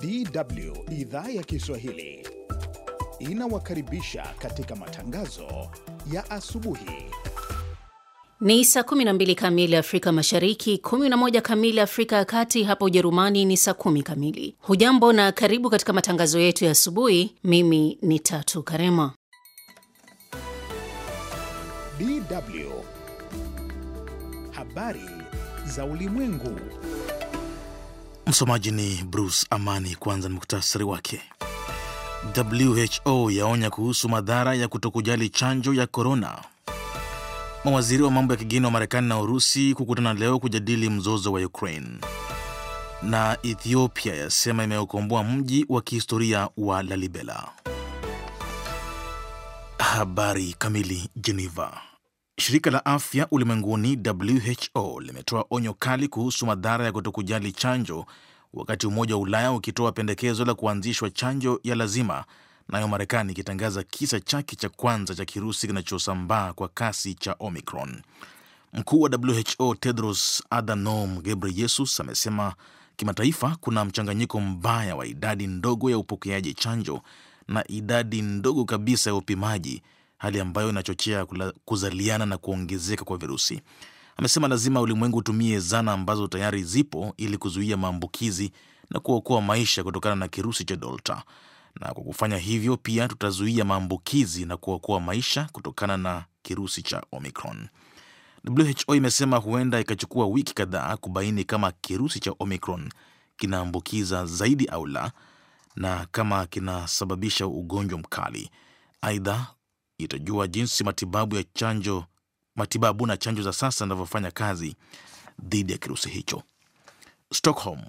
DW idhaa ya Kiswahili inawakaribisha katika matangazo ya asubuhi. Ni saa 12 kamili Afrika Mashariki, 11 kamili Afrika ya Kati, hapa Ujerumani ni saa 10 kamili. Hujambo na karibu katika matangazo yetu ya asubuhi. Mimi ni Tatu Karema. DW habari za ulimwengu Msomaji ni Bruce Amani. Kwanza ni muktasari wake. WHO yaonya kuhusu madhara ya kutokujali chanjo ya korona. Mawaziri wa mambo ya kigeni wa Marekani na Urusi kukutana leo kujadili mzozo wa Ukraine. Na Ethiopia yasema imeokomboa mji wa kihistoria wa Lalibela. Habari kamili. Geneva. Shirika la Afya Ulimwenguni WHO limetoa onyo kali kuhusu madhara ya kutokujali chanjo, wakati Umoja wa Ulaya ukitoa pendekezo la kuanzishwa chanjo ya lazima, nayo Marekani ikitangaza kisa chake cha kwanza cha kirusi kinachosambaa kwa kasi cha Omicron. Mkuu wa WHO Tedros Adhanom Ghebreyesus amesema kimataifa kuna mchanganyiko mbaya wa idadi ndogo ya upokeaji chanjo na idadi ndogo kabisa ya upimaji hali ambayo inachochea kuzaliana na kuongezeka kwa virusi. Amesema lazima ulimwengu utumie zana ambazo tayari zipo ili kuzuia maambukizi na kuokoa maisha kutokana na kirusi cha Delta, na kwa kufanya hivyo pia tutazuia maambukizi na kuokoa maisha kutokana na kirusi cha Omicron. WHO imesema huenda ikachukua wiki kadhaa kubaini kama kirusi cha Omicron kinaambukiza zaidi au la na kama kinasababisha ugonjwa mkali. Aidha, itajua jinsi matibabu ya chanjo matibabu na chanjo za sasa zinavyofanya kazi dhidi ya kirusi hicho. Stockholm.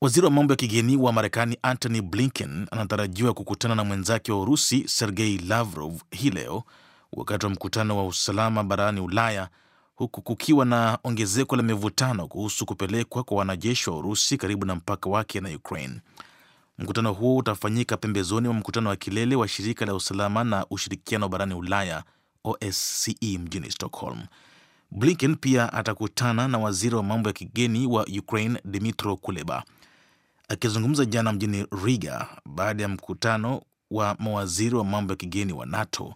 Waziri wa mambo ya kigeni wa Marekani Antony Blinken anatarajiwa kukutana na mwenzake wa Urusi Sergei Lavrov hii leo wakati wa mkutano wa usalama barani Ulaya, huku kukiwa na ongezeko la mivutano kuhusu kupelekwa kwa wanajeshi wa Urusi karibu na mpaka wake na Ukraine. Mkutano huo utafanyika pembezoni mwa mkutano wa kilele wa shirika la usalama na ushirikiano barani Ulaya OSCE mjini Stockholm. Blinken pia atakutana na waziri wa mambo ya kigeni wa Ukraine Dmytro Kuleba. Akizungumza jana mjini Riga baada ya mkutano wa mawaziri wa mambo ya kigeni wa NATO,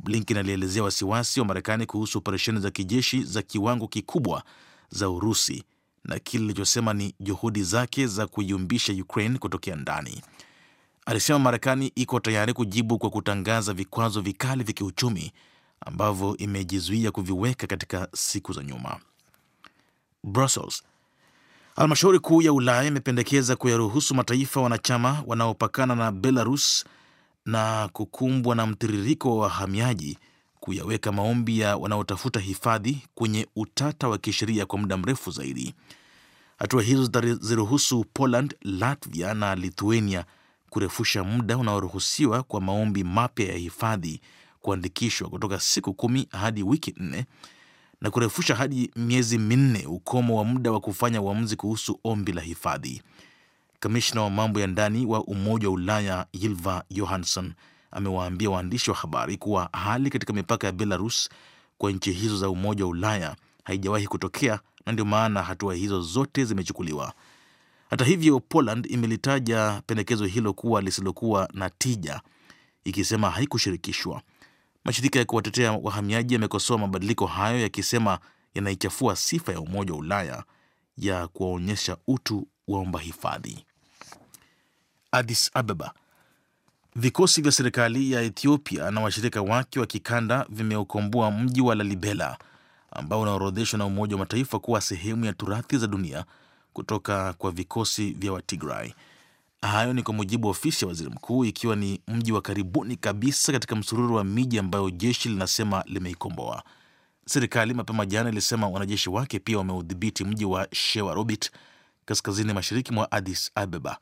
Blinken alielezea wasiwasi wa Marekani kuhusu operesheni za kijeshi za kiwango kikubwa za Urusi na kile ilichosema ni juhudi zake za kuiumbisha Ukraine kutokea ndani. Alisema Marekani iko tayari kujibu kwa kutangaza vikwazo vikali vya kiuchumi ambavyo imejizuia kuviweka katika siku za nyuma. Brussels. Halmashauri kuu ya Ulaya imependekeza kuyaruhusu mataifa wanachama wanaopakana na Belarus na kukumbwa na mtiririko wa wahamiaji kuyaweka maombi ya wanaotafuta hifadhi kwenye utata wa kisheria kwa muda mrefu zaidi. Hatua hizo zitaziruhusu Poland, Latvia na Lithuania kurefusha muda unaoruhusiwa kwa maombi mapya ya hifadhi kuandikishwa kutoka siku kumi hadi wiki nne na kurefusha hadi miezi minne ukomo wa muda wa kufanya uamuzi kuhusu ombi la hifadhi. Kamishna wa mambo ya ndani wa Umoja wa Ulaya Ylva Johansson amewaambia waandishi wa habari kuwa hali katika mipaka ya Belarus kwa nchi hizo za Umoja wa Ulaya haijawahi kutokea na ndio maana hatua hizo zote zimechukuliwa. Hata hivyo, Poland imelitaja pendekezo hilo kuwa lisilokuwa na tija, ikisema haikushirikishwa. Mashirika ya kuwatetea wahamiaji yamekosoa mabadiliko hayo yakisema yanaichafua sifa ya Umoja wa Ulaya ya kuwaonyesha utu waomba hifadhi. Addis Ababa Vikosi vya serikali ya Ethiopia na washirika wake wa kikanda vimeukomboa mji wa Lalibela ambao unaorodheshwa na Umoja wa Mataifa kuwa sehemu ya turathi za dunia kutoka kwa vikosi vya watigrai Hayo ni kwa mujibu wa ofisi ya waziri mkuu, ikiwa ni mji wa karibuni kabisa katika msururu wa miji ambayo jeshi linasema limeikomboa. Serikali mapema jana ilisema wanajeshi wake pia wameudhibiti mji wa Shewarobit kaskazini mashariki mwa Addis Ababa.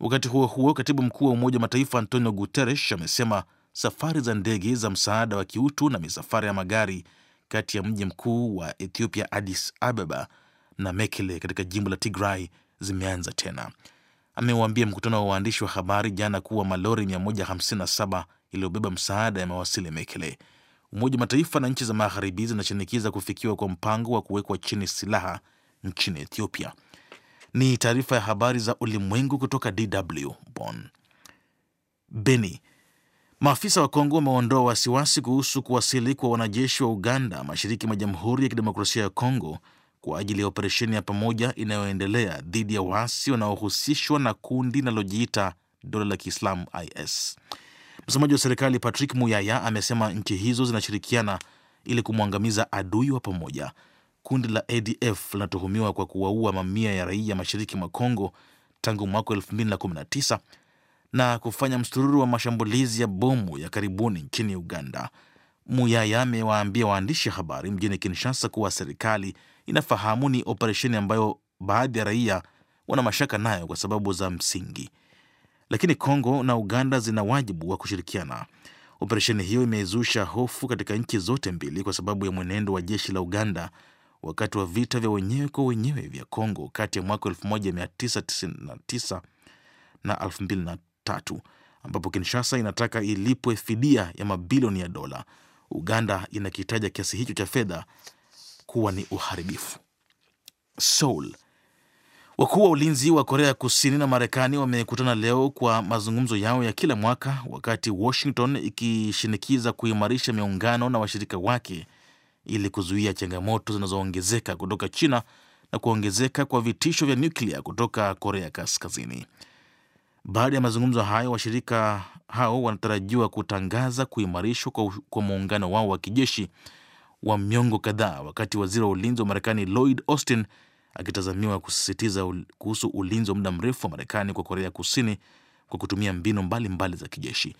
Wakati huo huo, katibu mkuu wa Umoja wa Mataifa Antonio Guterres amesema safari za ndege za msaada wa kiutu na misafara ya magari kati ya mji mkuu wa Ethiopia Addis Ababa na Mekele katika jimbo la Tigray zimeanza tena. Amewaambia mkutano wa waandishi wa habari jana kuwa malori 157 iliyobeba msaada yamewasili Mekele. Umoja wa Mataifa na nchi za magharibi zinashinikiza kufikiwa kwa mpango wa kuwekwa chini silaha nchini Ethiopia. Ni taarifa ya habari za ulimwengu kutoka DW Bonn. Beni, maafisa wa Kongo wameondoa wasiwasi kuhusu kuwasili kwa wanajeshi wa Uganda mashariki mwa Jamhuri ya Kidemokrasia ya Kongo kwa ajili ya operesheni ya pamoja inayoendelea dhidi ya waasi wanaohusishwa na kundi linalojiita dola la Kiislamu IS. Msemaji wa serikali Patrick Muyaya amesema nchi hizo zinashirikiana ili kumwangamiza adui wa pamoja. Kundi la ADF linatuhumiwa kwa kuwaua mamia ya raia mashariki mwa Kongo tangu mwaka 2019 na kufanya msururu wa mashambulizi ya bomu ya karibuni nchini Uganda. Muyaya amewaambia waandishi habari mjini Kinshasa kuwa serikali inafahamu ni operesheni ambayo baadhi ya raia wana mashaka nayo kwa sababu za msingi, lakini Kongo na Uganda zina wajibu wa kushirikiana. Operesheni hiyo imezusha hofu katika nchi zote mbili kwa sababu ya mwenendo wa jeshi la Uganda wakati wa vita vya wenyewe kwa wenyewe vya Kongo kati ya mwaka 1999 na 2003 ambapo Kinshasa inataka ilipwe fidia ya mabilioni ya dola. Uganda inakitaja kiasi hicho cha fedha kuwa ni uharibifu. Seoul. Wakuu wa ulinzi wa Korea Kusini na Marekani wamekutana leo kwa mazungumzo yao ya kila mwaka, wakati Washington ikishinikiza kuimarisha miungano na washirika wake ili kuzuia changamoto zinazoongezeka kutoka China na kuongezeka kwa vitisho vya nyuklia kutoka Korea Kaskazini. Baada ya mazungumzo hayo, washirika hao wanatarajiwa kutangaza kuimarishwa kwa, kwa muungano wao wa kijeshi wa miongo kadhaa, wakati waziri wa ulinzi wa Marekani Lloyd Austin akitazamiwa kusisitiza ul, kuhusu ulinzi wa muda mrefu wa Marekani kwa Korea Kusini kwa kutumia mbinu mbalimbali mbali za kijeshi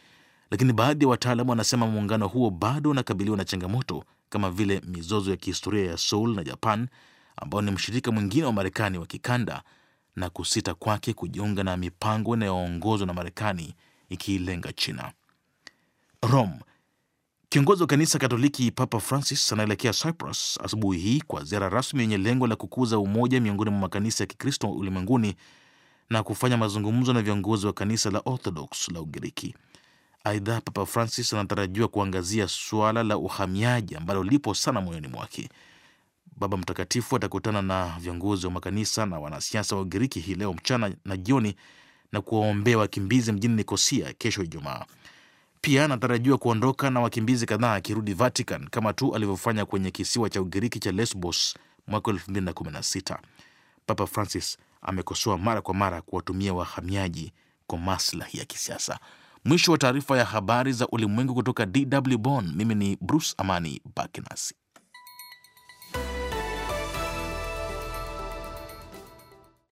lakini baadhi ya wataalamu wanasema muungano huo bado unakabiliwa na changamoto kama vile mizozo ya kihistoria ya Seoul na Japan, ambao ni mshirika mwingine wa Marekani wa kikanda, na kusita kwake kujiunga na mipango inayoongozwa na Marekani ikiilenga China. Rome. Kiongozi wa kanisa Katoliki Papa Francis anaelekea Cyprus asubuhi hii kwa ziara rasmi yenye lengo la kukuza umoja miongoni mwa makanisa ya Kikristo ulimwenguni na kufanya mazungumzo na viongozi wa kanisa la Orthodox la Ugiriki. Aidha, Papa Francis anatarajiwa kuangazia suala la uhamiaji ambalo lipo sana moyoni mwake. Baba Mtakatifu atakutana na viongozi wa makanisa na wanasiasa wa Ugiriki hii leo mchana na jioni na kuwaombea wakimbizi mjini Nikosia kesho Ijumaa. Pia anatarajiwa kuondoka na wakimbizi kadhaa akirudi Vatican kama tu alivyofanya kwenye kisiwa cha Ugiriki cha Lesbos mwaka 2016. Papa Francis amekosoa mara kwa mara kuwatumia wahamiaji kwa maslahi ya kisiasa. Mwisho wa taarifa ya habari za ulimwengu kutoka DW Bonn. Mimi ni Bruce Amani, baki nasi.